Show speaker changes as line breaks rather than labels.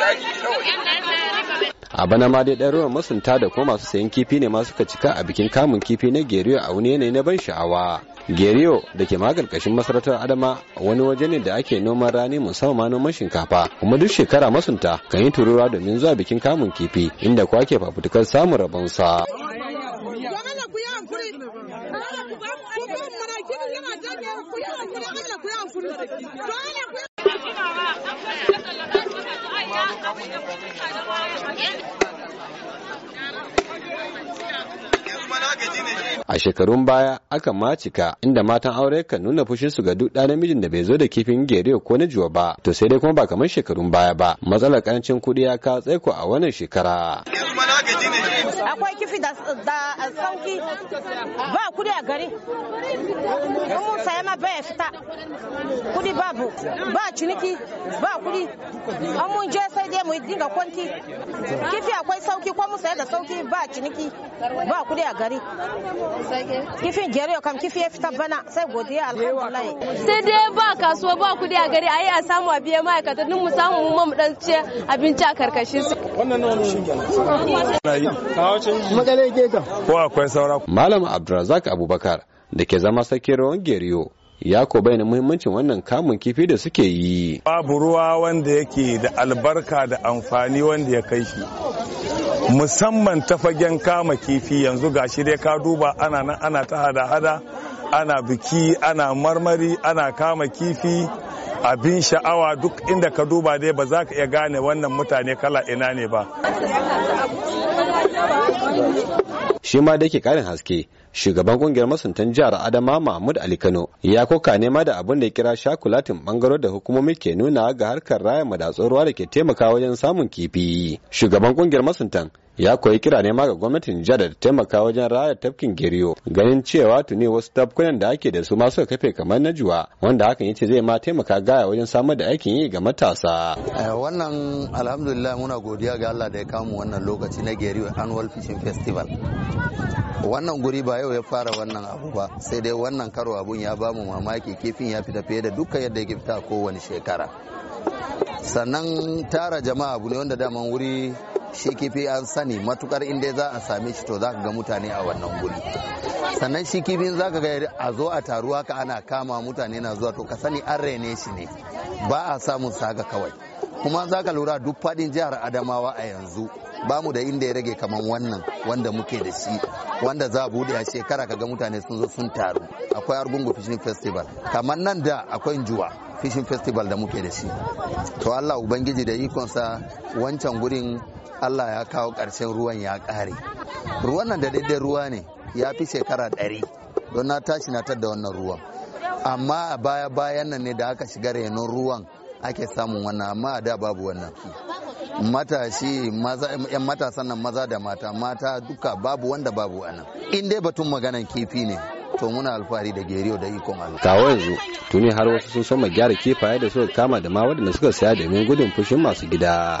kawai
a bana ma dai ɗan ruwan masunta da kuma masu sayan kifi ne ma suka cika a bikin kamun kifi na geriyo a wani yanayi na ban sha'awa geriyo da ke magalkashin masarautar adama wani waje ne da ake noman rani musamman noman shinkafa kuma duk shekara masunta kan yi turuwa domin zuwa bikin kamun kifi inda kuwa ke fafutukar samun rabonsa yana a shekarun baya aka ma cika inda matan aure kan nuna fushinsu ga duk ɗa namijin da bai zo da kifin gere ko na juwa ba to sai dai kuma ba kamar shekarun baya ba matsalar karancin kuɗi ya ka tsaiko a wannan shekara
akwai kifi da sauki ba kuɗi a gari mun saya ma fita ciniki babu ba ciniki ba kuɗi an mun je sai dai mu dinga kwanki kifi akwai sauki ko mu saya da sauki ba ciniki ba kuɗi a gari kifin gero kam kifi ya fita bana sai godiya alhamdulillah sai dai ba kasuwa ba kuɗi a gari ayi a samu a biya ma'aikata din mu
samu mu mu dan ce abinci a karkashin su shi kenan ko akwai saura malam abdurrazak abubakar da ke zama sakerowan geriyo ya ko bayyana muhimmancin wannan kamun kifi da suke yi babu ruwa wanda yake da albarka da amfani wanda ya kai shi
musamman ta
fagen kama kifi yanzu ga shi dai ka duba ana nan ana ta hada-hada ana biki ana marmari ana kama kifi abin sha'awa duk inda ka duba dai ba za ka iya gane wannan mutane kala ina ne ba shi ma da yake karin haske shugaban kungiyar masuntan jihar adama mahmud ali kano ya koka nema da abin da ya kira shakulatin bangaro da hukumomi ke nuna ga harkar raya madatsun ruwa da ke taimaka wajen samun kifi shugaban kungiyar masuntan ya koyi kira ne ma ga gwamnatin Jihar da taimaka wajen raya tafkin Geriyo ganin cewa tuni wasu tafkunan da ake da su ma suka kafe kamar na juwa wanda hakan yace zai ma taimaka gaya wajen samar da aikin yi ga matasa.
Eh, wannan alhamdulillah muna godiya ga Allah da ya kamu wannan lokaci na Geriyo Annual Fishing Festival. wannan guri ba yau ya fara wannan abu ba sai dai wannan karo abun ya bamu mamaki kifin ya fita fiye da dukkan yadda yake fita kowane shekara sannan tara jama'a abu ne wanda daman wuri shi kifi an sani matukar inda za a same shi to za ka ga mutane a wannan guri sannan shi kifin za ka ga a zo a taruwa ka ana kama mutane na zuwa to ka sani an rene shi ne ba a samun saga kawai kuma za ka lura duk fadin jihar adamawa a yanzu ba mu da inda ya rage kaman wannan wanda muke da shi wanda za a bude a shekara ka ga mutane sun zo sun taru akwai argungu fishing festival kamar nan da akwai juwa fishing festival da muke da shi to allah ubangiji da ikonsa wancan gurin Allah ya kawo ƙarshen ruwan ya ƙare ruwan nan da daidai ruwa ne ya fi shekara ɗari don na tashi na da wannan ruwan amma a baya bayan nan ne da aka shiga renon ruwan ake samun wannan amma a da babu wannan matashi yan matasan nan maza da mata mata duka babu wanda babu wannan in dai batun maganan kifi ne to muna alfahari da geriyo da ikon Allah.
Kawo yanzu tuni har wasu sun soma gyara kifaye da suka kama da ma waɗanda suka saya domin gudun fushin masu gida.